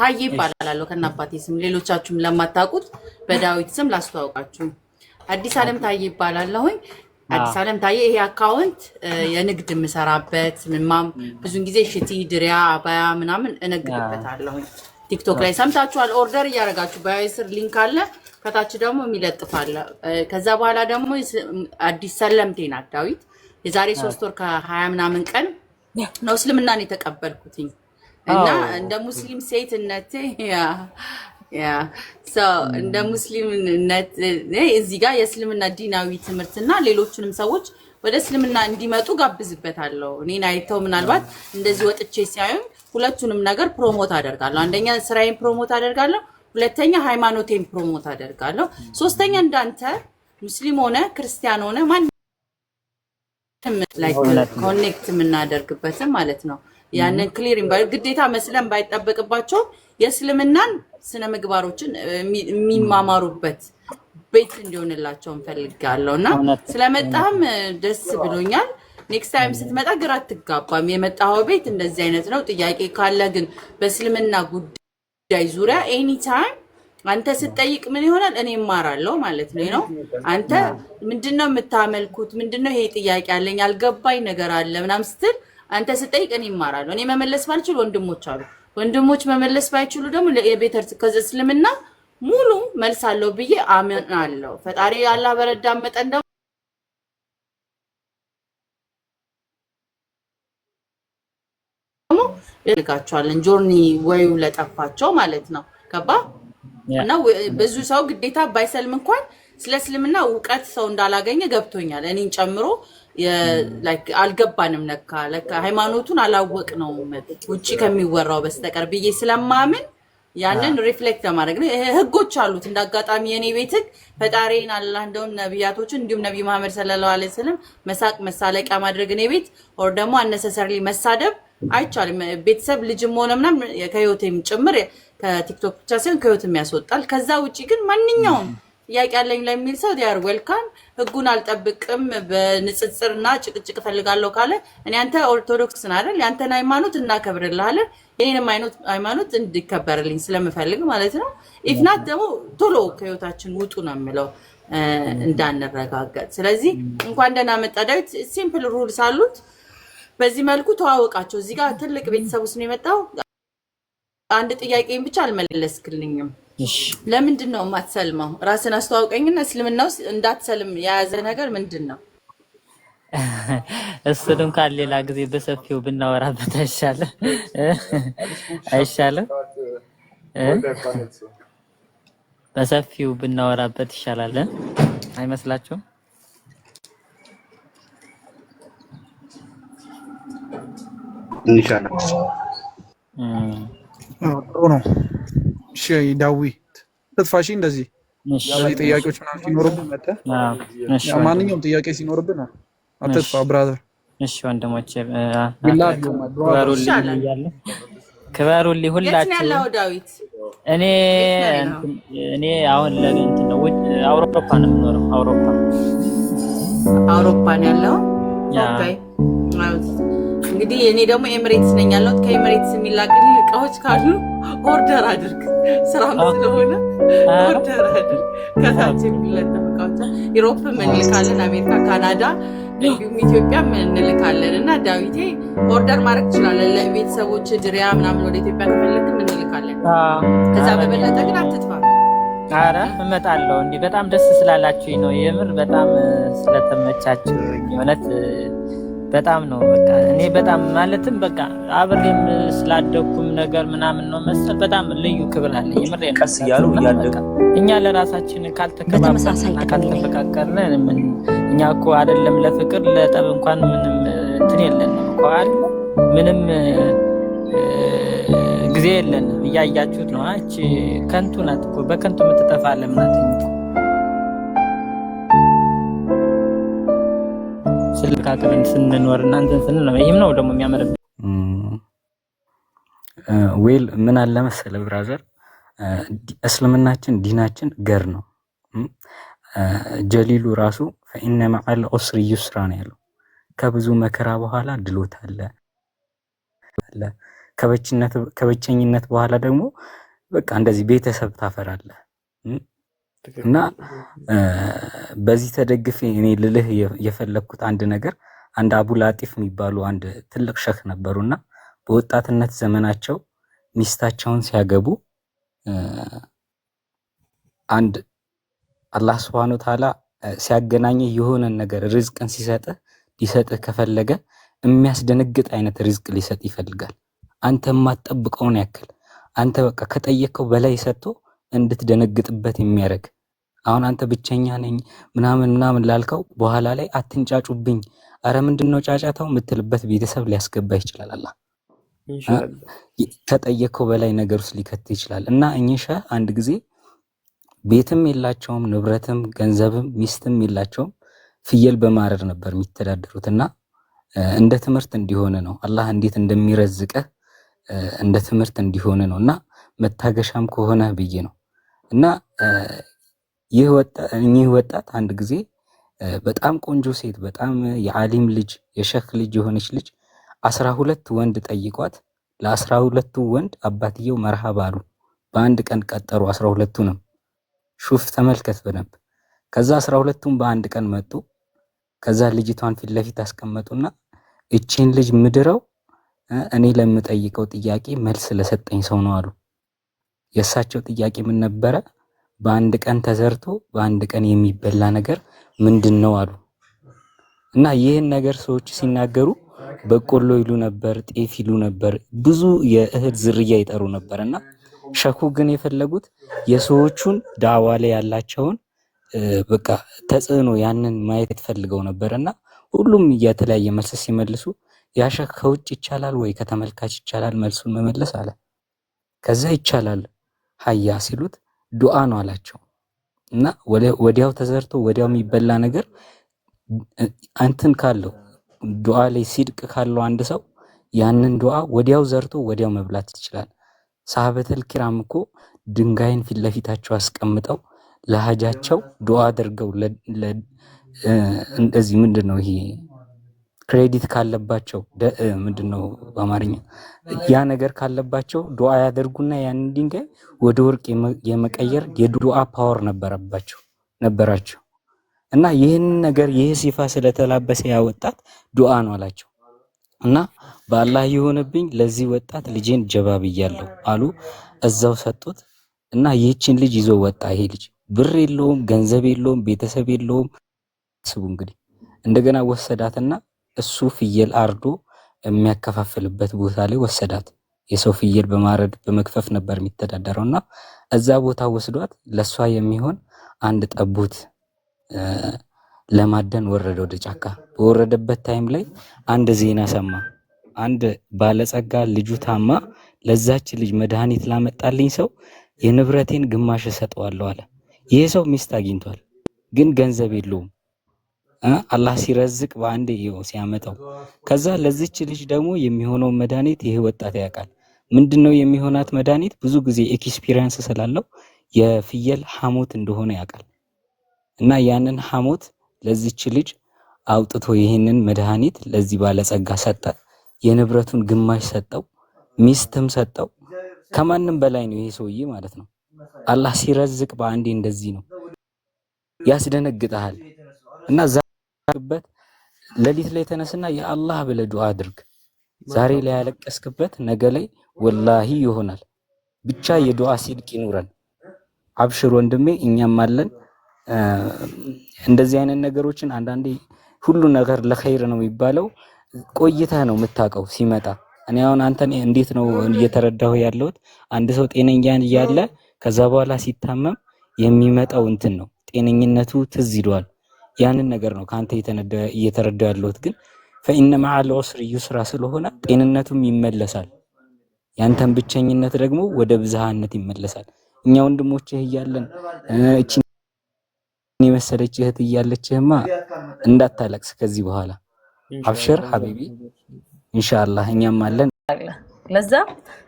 ታዬ ይባላላለሁ ከናባቴ ስም። ሌሎቻችሁም ለማታውቁት በዳዊት ስም ላስተዋውቃችሁ። አዲስ አለም ታዬ ይባላለሁኝ። አዲስ አለም ታዬ ይሄ አካውንት የንግድ የምሰራበት ምማም ብዙን ጊዜ ሽቲ፣ ድሪያ፣ አባያ ምናምን እነግድበታለሁኝ። ቲክቶክ ላይ ሰምታችኋል። ኦርደር እያደረጋችሁ በስር ሊንክ አለ፣ ከታች ደግሞ የሚለጥፋለ። ከዛ በኋላ ደግሞ አዲስ ሰለምቴ ናት ዳዊት። የዛሬ ሶስት ወር ከሀያ ምናምን ቀን ነው እስልምናን የተቀበልኩትኝ እና እንደ ሙስሊም ሴትነቴ እንደ ሙስሊምነት እዚህ ጋር የእስልምና ዲናዊ ትምህርትና ሌሎችንም ሰዎች ወደ እስልምና እንዲመጡ ጋብዝበታለሁ። እኔን አይተው ምናልባት እንደዚህ ወጥቼ ሲያዩኝ ሁለቱንም ነገር ፕሮሞት አደርጋለሁ። አንደኛ ስራዬን ፕሮሞት አደርጋለሁ፣ ሁለተኛ ሃይማኖቴን ፕሮሞት አደርጋለሁ፣ ሶስተኛ እንዳንተ ሙስሊም ሆነ ክርስቲያን ሆነ ማንም ኮኔክት የምናደርግበትም ማለት ነው ያንን ክሊሪንግ ግዴታ መስለን ባይጠበቅባቸው የእስልምናን ስነ ምግባሮችን የሚማማሩበት ቤት እንዲሆንላቸው እንፈልጋለሁ እና ስለመጣህም ደስ ብሎኛል። ኔክስት ታይም ስትመጣ ግራ አትጋባም። የመጣኸው ቤት እንደዚህ አይነት ነው። ጥያቄ ካለ ግን በእስልምና ጉዳይ ዙሪያ ኤኒ ታይም አንተ ስትጠይቅ ምን ይሆናል? እኔ እማራለሁ ማለት ነው ነው አንተ ምንድን ነው የምታመልኩት? ምንድን ነው ይሄ ጥያቄ አለኝ አልገባኝ ነገር አለ ምናምን ስትል አንተ ስጠይቅ እኔ እማራለሁ። እኔ መመለስ ባልችል ወንድሞች አሉ። ወንድሞች መመለስ ባይችሉ ደግሞ የቤተ እስልምና ሙሉ መልስ አለው ብዬ አለው። ፈጣሪ አላህ በረዳ መጠን ደግሞ ልጋቸዋለን ጆርኒ ወይው ለጠፋቸው ማለት ነው። ገባ እና ብዙ ሰው ግዴታ ባይሰልም እንኳን ስለ እስልምና እውቀት ሰው እንዳላገኘ ገብቶኛል፣ እኔን ጨምሮ አልገባንም ለካ ለካ ሃይማኖቱን አላወቅ ነው ውጭ ከሚወራው በስተቀር ብዬ ስለማምን ያንን ሪፍሌክት ለማድረግ ነው። ህጎች አሉት። እንደ አጋጣሚ የኔ ቤት ህግ ፈጣሪን አላህ እንደውም ነቢያቶችን እንዲሁም ነቢ መሐመድ ሰለላሁ ዐለይሂ ወሰለም መሳቅ መሳለቂያ ማድረግ እኔ ቤት ኦር ደግሞ አነሰሰሪ መሳደብ አይቻልም። ቤተሰብ ልጅም ሆነ ምናምን ከህይወት ጭምር ከቲክቶክ ብቻ ሳይሆን ከህይወት ያስወጣል። ከዛ ውጭ ግን ማንኛውም ጥያቄ ያለኝ ለሚል ሰው ዲያር ዌልካም። ህጉን አልጠብቅም በንጽጽርና ጭቅጭቅ እፈልጋለሁ ካለ እኔ አንተ ኦርቶዶክስ ነህ አይደል? ያንተን ሃይማኖት እናከብርልሃለን፣ የኔንም ሃይማኖት እንዲከበርልኝ ስለምፈልግ ማለት ነው። ኢፍናት ደግሞ ቶሎ ከህይወታችን ውጡ ነው የምለው እንዳንረጋገጥ። ስለዚህ እንኳን ደህና መጣ ዳዊት። ሲምፕል ሩልስ አሉት። በዚህ መልኩ ተዋወቃቸው። እዚህ ጋር ትልቅ ቤተሰብ ውስጥ ነው የመጣው። አንድ ጥያቄን ብቻ አልመለስክልኝም። ለምንድን ነው የማትሰልመው? ራስን አስተዋውቀኝና እስልምና ውስጥ እንዳትሰልም የያዘ ነገር ምንድን ነው? እሱን እንኳን ሌላ ጊዜ በሰፊው ብናወራበት አይሻልም? አይሻልም? በሰፊው ብናወራበት ይሻላል አይመስላችሁም? ይሻላል። ጥሩ ነው። እሺ ዳዊት ተጥፋሽ እንደዚህ እዚህ ጥያቄዎች ምናምን ሲኖርብን መጥተህ ማንኛውም ጥያቄ ሲኖርብን አትጥፋ ብራዘር። እሺ ወንድሞቼ ክበሩልኝ ሁላችሁ። እኔ እኔ አሁን ለእንትን ነው አውሮፓ ነው የምኖረው። አውሮፓ አውሮፓ ነው ያለው። ኦኬ እንግዲህ እኔ ደግሞ ኤምሬትስ ነኝ ያለሁት። ከኤምሬትስ የሚላክልኝ እቃዎች ካሉ ኦርደር አድርግ፣ ስራ ስለሆነ ኦርደር አድርግ። ከታች የሚለን እቃዎች ኢሮፕ እንልካለን፣ አሜሪካ፣ ካናዳ እንዲሁም ኢትዮጵያ እንልካለን። እና ዳዊቴ ኦርደር ማድረግ ትችላለን። ለቤተሰቦች ድሪያ ምናምን ወደ ኢትዮጵያ ከፈለግ እንልካለን። ከዛ በበለጠ ግን አትጥፋ። አረ እመጣለሁ። እንዲህ በጣም ደስ ስላላችሁኝ ነው የምር በጣም ስለተመቻችሁ እውነት በጣም ነው በቃ እኔ በጣም ማለትም በቃ አብሬም ስላደኩም ነገር ምናምን ነው መሰል በጣም ልዩ ክብር አለ። የምሬን ቀስ እያሉ እያደጉ እኛ ለራሳችን ካልተከባበርና ካልተፈቃቀርን እኛ እኮ አይደለም ለፍቅር ለጠብ እንኳን ምንም እንትን የለንም እኮ ምንም ጊዜ የለንም። እያያችሁት ነው። አች ከንቱ ናት እኮ በከንቱ የምትጠፋ አለም ናት። ስልክ አቅምን ስንኖር እናንተን ስንል ነው። ይህም ነው ደግሞ የሚያምርብን። ዌል ምን አለ መሰለ ብራዘር፣ እስልምናችን ዲናችን ገር ነው። ጀሊሉ ራሱ ፈኢነ መዐል ዑስሪ ዩስራ ነው ያለው። ከብዙ መከራ በኋላ ድሎት አለ። ከብቸኝነት በኋላ ደግሞ በቃ እንደዚህ ቤተሰብ ታፈራለህ። እና በዚህ ተደግፌ እኔ ልልህ የፈለግኩት አንድ ነገር አንድ አቡ ላጢፍ የሚባሉ አንድ ትልቅ ሸክ ነበሩና በወጣትነት ዘመናቸው ሚስታቸውን ሲያገቡ አንድ አላህ ስብሐነ ወተዓላ ሲያገናኝህ የሆነን ነገር ርዝቅን ሲሰጥህ ሊሰጥህ ከፈለገ የሚያስደነግጥ አይነት ርዝቅ ሊሰጥ ይፈልጋል። አንተ የማትጠብቀውን ያክል አንተ በቃ ከጠየቅከው በላይ ሰጥቶ እንድትደነግጥበት የሚያደርግ አሁን አንተ ብቸኛ ነኝ ምናምን ምናምን ላልከው በኋላ ላይ አትንጫጩብኝ፣ አረ ምንድን ነው ጫጫታው የምትልበት ቤተሰብ ሊያስገባ ይችላል። አላ ከጠየቅከው በላይ ነገር ውስጥ ሊከት ይችላል። እና እኝሸ አንድ ጊዜ ቤትም የላቸውም፣ ንብረትም ገንዘብም ሚስትም የላቸውም። ፍየል በማረድ ነበር የሚተዳደሩት። እና እንደ ትምህርት እንዲሆነ ነው አላህ እንዴት እንደሚረዝቀህ እንደ ትምህርት እንዲሆነ ነው። እና መታገሻም ከሆነ ብዬ ነው እና እኚህ ወጣት አንድ ጊዜ በጣም ቆንጆ ሴት በጣም የዓሊም ልጅ የሸክ ልጅ የሆነች ልጅ አስራ ሁለት ወንድ ጠይቋት ለአስራ ሁለቱ ወንድ አባትየው መርሃብ አሉ። በአንድ ቀን ቀጠሩ አስራ ሁለቱንም ሹፍ ተመልከት በደንብ። ከዛ አስራ ሁለቱም በአንድ ቀን መጡ። ከዛ ልጅቷን ፊት ለፊት አስቀመጡና እቺን ልጅ ምድረው እኔ ለምጠይቀው ጥያቄ መልስ ለሰጠኝ ሰው ነው አሉ። የእሳቸው ጥያቄ ምን ነበረ? በአንድ ቀን ተዘርቶ በአንድ ቀን የሚበላ ነገር ምንድን ነው አሉ እና ይህን ነገር ሰዎች ሲናገሩ በቆሎ ይሉ ነበር፣ ጤፍ ይሉ ነበር፣ ብዙ የእህል ዝርያ ይጠሩ ነበር እና ሸኩ ግን የፈለጉት የሰዎቹን ዳዋ ላይ ያላቸውን በቃ ተጽዕኖ ያንን ማየት ፈልገው ነበር እና ሁሉም የተለያየ መልስ ሲመልሱ ያሸክ ከውጭ ይቻላል ወይ ከተመልካች ይቻላል መልሱን መመለስ አለ። ከዛ ይቻላል ሀያ ሲሉት ዱዓ ነው አላቸው እና ወዲያው ተዘርቶ ወዲያው የሚበላ ነገር እንትን ካለው ዱዓ ላይ ሲድቅ ካለው አንድ ሰው ያንን ዱዓ ወዲያው ዘርቶ ወዲያው መብላት ይችላል። ሰሃበተል ኪራም እኮ ድንጋይን ፊት ለፊታቸው አስቀምጠው ለሀጃቸው ዱዓ አድርገው እንደዚህ ምንድን ነው ይሄ ክሬዲት ካለባቸው ምንድን ነው በአማርኛ ያ ነገር ካለባቸው ዱዓ ያደርጉና ያንን ድንጋይ ወደ ወርቅ የመቀየር የዱዓ ፓወር ነበረባቸው ነበራቸው እና ይህን ነገር ይህ ሲፋ ስለተላበሰ ያ ወጣት ዱዓ ነው አላቸው እና በአላህ የሆነብኝ ለዚህ ወጣት ልጄን ጀባ ብያለሁ አሉ። እዛው ሰጡት እና ይህችን ልጅ ይዞ ወጣ። ይሄ ልጅ ብር የለውም፣ ገንዘብ የለውም፣ ቤተሰብ የለውም። ስቡ እንግዲህ እንደገና ወሰዳትና እሱ ፍየል አርዶ የሚያከፋፍልበት ቦታ ላይ ወሰዳት። የሰው ፍየል በማረድ በመክፈፍ ነበር የሚተዳደረው እና እዛ ቦታ ወስዷት ለእሷ የሚሆን አንድ ጠቦት ለማደን ወረደ ወደ ጫካ። በወረደበት ታይም ላይ አንድ ዜና ሰማ። አንድ ባለጸጋ ልጁ ታማ፣ ለዛች ልጅ መድኃኒት ላመጣልኝ ሰው የንብረቴን ግማሽ እሰጠዋለሁ አለ። ይህ ሰው ሚስት አግኝቷል፣ ግን ገንዘብ የለውም። አላህ ሲረዝቅ በአንዴ ይኸው ሲያመጣው፣ ከዛ ለዚች ልጅ ደግሞ የሚሆነው መድኃኒት ይሄ ወጣት ያውቃል። ምንድን ነው የሚሆናት መድኃኒት? ብዙ ጊዜ ኤክስፒሪየንስ ስላለው የፍየል ሐሞት እንደሆነ ያውቃል። እና ያንን ሐሞት ለዚች ልጅ አውጥቶ ይህንን መድኃኒት ለዚህ ባለጸጋ ሰጠ። የንብረቱን ግማሽ ሰጠው፣ ሚስትም ሰጠው። ከማንም በላይ ነው ይሄ ሰውዬ ማለት ነው። አላህ ሲረዝቅ በአንዴ እንደዚህ ነው፣ ያስደነግጠሃል እና ያለቀስክበት ሌሊት ላይ ተነስና የአላህ ብለ ዱዓ አድርግ። ዛሬ ላይ ያለቀስክበት ነገ ላይ ወላሂ ይሆናል። ብቻ የዱዓ ሲድቅ ይኑረን። አብሽር ወንድሜ፣ እኛም አለን። እንደዚህ አይነት ነገሮችን አንዳንዴ ሁሉ ነገር ለኸይር ነው የሚባለው፣ ቆይተህ ነው የምታውቀው ሲመጣ። እኔ አሁን አንተን እንዴት ነው እየተረዳሁ ያለሁት፣ አንድ ሰው ጤነኛ እያለ ከዛ በኋላ ሲታመም የሚመጣው እንትን ነው ጤነኝነቱ ትዝ ይለዋል። ያንን ነገር ነው ከአንተ እየተረዳ ያለሁት። ግን ፈኢነ መዓል ዑስሪ ዩስራ ስለሆነ ጤንነቱም ይመለሳል፣ ያንተን ብቸኝነት ደግሞ ወደ ብዝሃነት ይመለሳል። እኛ ወንድሞችህ እያለን እቺ የመሰለች እህት እያለችህማ እንዳታለቅስ ከዚህ በኋላ አብሽር ሀቢቢ ኢንሻአላህ እኛም አለን። ለዛ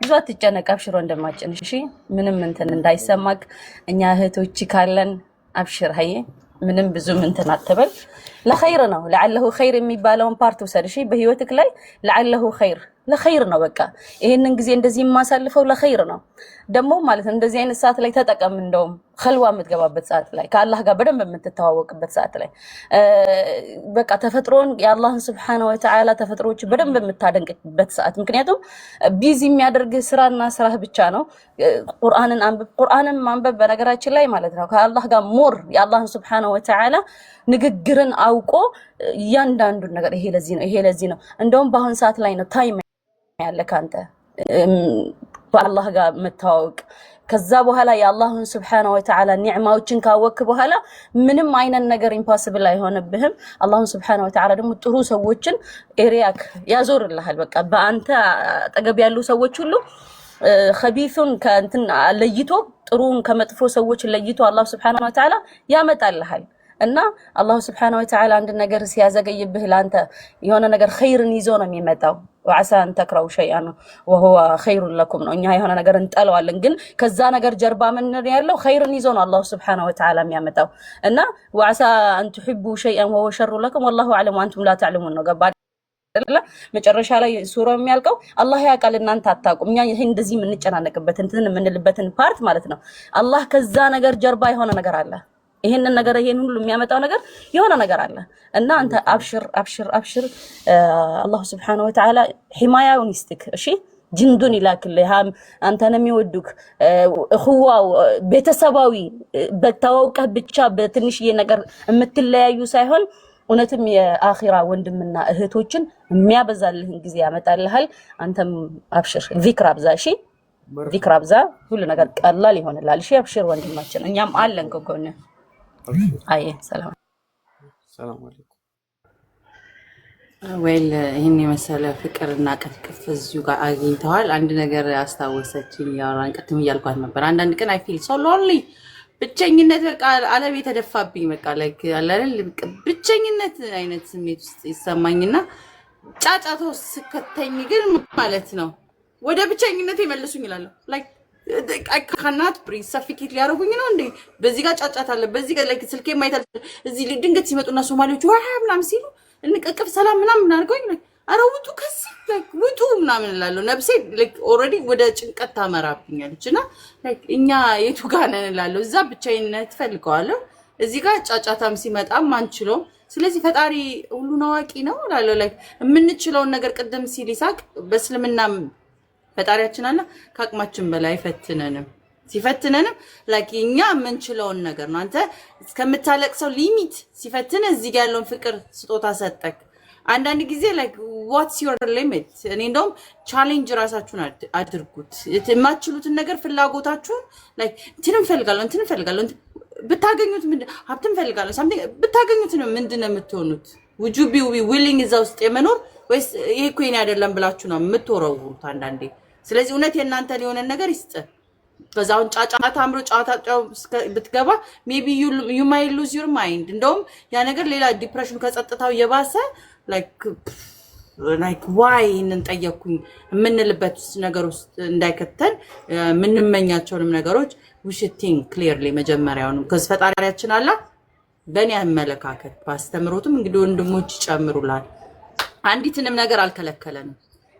ብዙ አትጨነቅ፣ አብሽር ወንድማችን። እሺ ምንም እንትን እንዳይሰማክ እኛ እህቶች ካለን አብሽር ሀዬ ምንም ብዙም እንትን አትበል። ለኸይር ነው ለዓለሁ ኸይር የሚባለውን ፓርት ውሰድ። እሺ በህይወትክ ላይ ለዓለሁ ኸይር ለኸይር ነው። በቃ ይሄንን ጊዜ እንደዚህ የማሳልፈው ለኸይር ነው። ደግሞ ማለት ነው እንደዚህ አይነት ሰዓት ላይ ተጠቀም። እንደውም ከልዋ የምትገባበት ሰዓት ላይ ከአላህ ጋር በደንብ የምትተዋወቅበት ሰዓት ላይ በቃ ተፈጥሮን የአላህን ስብሓነ ወተዓላ ተፈጥሮዎች በደንብ የምታደንቅበት ሰዓት። ምክንያቱም ቢዚ የሚያደርግ ስራና ስራህ ብቻ ነው። ቁርአንን አንብብ። ቁርአንን ማንበብ በነገራችን ላይ ማለት ነው ከአላህ ጋር ሞር የአላህን ስብሓነ ወተዓላ ንግግርን አውቆ እያንዳንዱን ነገር ይሄ ለዚህ ነው ይሄ ለዚህ ነው። እንደውም በአሁን ሰዓት ላይ ነው ታይም ያለ ከአንተ በአላህ ጋር መተዋወቅ ከዛ በኋላ የአላሁን ስብሓነ ወተዓላ ኒዕማዎችን ካወክ በኋላ ምንም አይነት ነገር ኢምፓስብል አይሆንብህም። አላሁን ስብሓነ ወተዓላ ደግሞ ጥሩ ሰዎችን ኤሪያክ ያዞርልሃል። በቃ በአንተ አጠገብ ያሉ ሰዎች ሁሉ ከቢቱን ከእንትን ለይቶ ጥሩን ከመጥፎ ሰዎች ለይቶ አላሁ ስብሓነ ወተዓላ ያመጣልሃል። እና አላሁ ስብሓነ ወተዓላ አንድ ነገር ሲያዘገይብህ ለአንተ የሆነ ነገር ኸይርን ይዞ ነው የሚመጣው። ወዓሳ እንተክረው ሸይአን ወሁወ ኸይሩን ለኩም ነው። እኛ የሆነ ነገር እንጠለዋለን፣ ግን ከዛ ነገር ጀርባ ምን ያለው ኸይርን ይዞ ነው አላሁ ስብሓነሁ ወተዓላ የሚያመጣው እና ወዓሳ አንቱሕቡ ሸይአን ወሁወ ሸሩ ለኩም ወላሁ አዕለም አንቱም ላ ተዕለሙን ነው። ገባ መጨረሻ ላይ ሱራ የሚያልቀው አላህ ያውቃል፣ እናንተ አታውቁም። እኛ ይሄ እንደዚህ የምንጨናነቅበት እንትን የምንልበትን ፓርት ማለት ነው። አላህ ከዛ ነገር ጀርባ የሆነ ነገር አለ። ይሄንን ነገር ይሄን ሁሉ የሚያመጣው ነገር የሆነ ነገር አለ እና አንተ አብሽር አብሽር አብሽር፣ አላሁ ስብሓነሁ ወተዓላ ሂማያውን ይስጥክ። እሺ ጅንዱን ይላክልህ፣ አንተን የሚወዱክ እህዋው ቤተሰባዊ በተዋውቀህ ብቻ በትንሽዬ ነገር የምትለያዩ ሳይሆን እውነትም የአኺራ ወንድምና እህቶችን የሚያበዛልህን ጊዜ ያመጣልሃል። አንተም አብሽር፣ ዚክር አብዛ። እሺ ዚክር አብዛ፣ ሁሉ ነገር ቀላል ይሆንልሃል። እሺ አብሽር ወንድማችን፣ እኛም አለን ከጎንህ። አየ ሰላም ሰላም አለይኩም። ወይል ይህን የመሰለ ፍቅር እና ቅፍቅፍ እዚሁ ጋር አግኝተዋል። አንድ ነገር አስታወሰችኝ። ያወራን ቅድም እያልኳት ነበር። አንዳንድ ቀን አይፊል ሶ ሎንሊ ብቸኝነት በቃ አለም የተደፋብኝ በቃ ላይክ አለል ብቸኝነት አይነት ስሜት ውስጥ ይሰማኝና ጫጫታው ስከተኝ ግን ማለት ነው ወደ ብቸኝነት ይመልሱኝ ይላለሁ ላይክ ከናት ፕሪዝ ሰፊኬት ሊያደርጉኝ ነው እንዴ? በዚህ ጋር ጫጫት አለ፣ በዚህ ጋር ላይ ስልኬ ማየት አለ። እዚህ ድንገት ሲመጡና ሶማሌዎች ዋ ምናምን ሲሉ እንቀቅፍ ሰላም ምናምን ምናርገኝ አረ ውጡ ከዚህ ውጡ ምናምን እላለሁ። ነብሴ ኦልሬዲ ወደ ጭንቀት ታመራብኛለች። እና እኛ የቱ ጋር ነን እላለሁ። እዛ ብቻዬን ትፈልገዋለሁ፣ እዚህ ጋር ጫጫታም ሲመጣም አንችለውም። ስለዚህ ፈጣሪ ሁሉን አዋቂ ነው እላለሁ። የምንችለውን ነገር ቅድም ሲል ይሳቅ በእስልምናም ፈጣሪያችን አለ ከአቅማችን በላይ አይፈትነንም። ሲፈትነንም ላኪ እኛ የምንችለውን ነገር ነው። አንተ እስከምታለቅሰው ሊሚት ሲፈትነ እዚህ ጋር ያለውን ፍቅር ስጦታ ሰጠክ። አንዳንድ ጊዜ ላይክ ዋትስ ዮር ሊሚት። እኔ እንደውም ቻሌንጅ ራሳችሁን አድርጉት። የማትችሉትን ነገር ፍላጎታችሁን ላይክ እንትን እንፈልጋለሁ እንትን እንፈልጋለሁ ብታገኙት ምንድን ሀብት እንፈልጋለሁ ሳምቲንግ ብታገኙት ነው ምንድን ነው የምትሆኑት? ውጁ ቢ ዊሊንግ እዛ ውስጥ የመኖር ወይስ ይሄ እኮ የኔ አይደለም ብላችሁ ነው የምትወረውሩት አንዳንዴ ስለዚህ እውነት የእናንተ የሆነ ነገር ይስጥ። በዛውን ጫጫታ አምሮ ጫጫታ ብትገባ ሜቢ ዩ ማይ ሉዝ ዩር ማይንድ። እንደውም ያ ነገር ሌላ ዲፕሬሽን ከጸጥታው የባሰ ላይክ ዋይ ይህንን ጠየኩኝ የምንልበት ነገር ውስጥ እንዳይከተል የምንመኛቸውንም ነገሮች ውሽቲንግ ክሊርሊ መጀመሪያውንም ከዚ ፈጣሪያችን አላ በእኔ አመለካከት በአስተምሮትም እንግዲህ ወንድሞች ይጨምሩላል። አንዲትንም ነገር አልከለከለንም።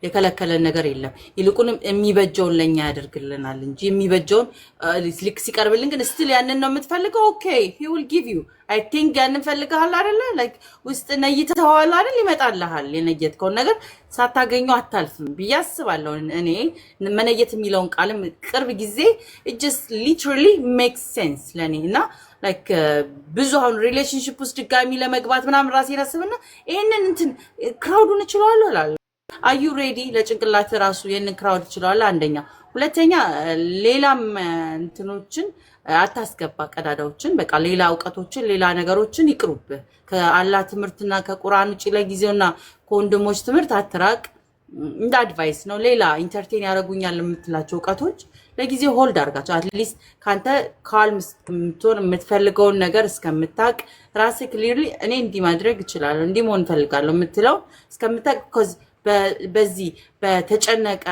የከለከለን ነገር የለም። ይልቁንም የሚበጀውን ለእኛ ያደርግልናል እንጂ የሚበጀውን ልክ uh, ሲቀርብልን ግን ስትል ያንን ነው የምትፈልገው። ኦኬ ሂ ዊል ጊቭ ዩ አይ ቲንክ ያንን ፈልግሃል አይደለ? ላይክ ውስጥ ነይተኸዋል አይደል? ይመጣልሃል። የነየትከውን ነገር ሳታገኙ አታልፍም ብዬ አስባለሁ። እኔ መነየት የሚለውን ቃልም ቅርብ ጊዜ ጀስት ሊትራሊ ሜክስ ሴንስ ለእኔ እና ላይክ uh, ብዙ አሁን ሪሌሽንሽፕ ውስጥ ድጋሚ ለመግባት ምናምን ራሴን አስብና ይህንን እንትን ክራውዱን እችለዋለሁ እላለሁ። አዩ ሬዲ ለጭንቅላት ራሱ ይህንን ክራውድ ችለዋል። አንደኛ ሁለተኛ፣ ሌላም እንትኖችን አታስገባ፣ ቀዳዳዎችን በቃ ሌላ እውቀቶችን ሌላ ነገሮችን ይቅሩብህ። ከአላ ትምህርትና ከቁርአን ውጭ ለጊዜውና ከወንድሞች ትምህርት አትራቅ። እንደ አድቫይስ ነው። ሌላ ኢንተርቴን ያደረጉኛል የምትላቸው እውቀቶች ለጊዜ ሆልድ አድርጋቸው። አትሊስት ከአንተ ካልም የምትሆን የምትፈልገውን ነገር እስከምታቅ ራስህ ክሊርሊ እኔ እንዲህ ማድረግ እችላለሁ እንዲህ መሆን እፈልጋለሁ የምትለው እስከምታቅ በዚህ በተጨነቀ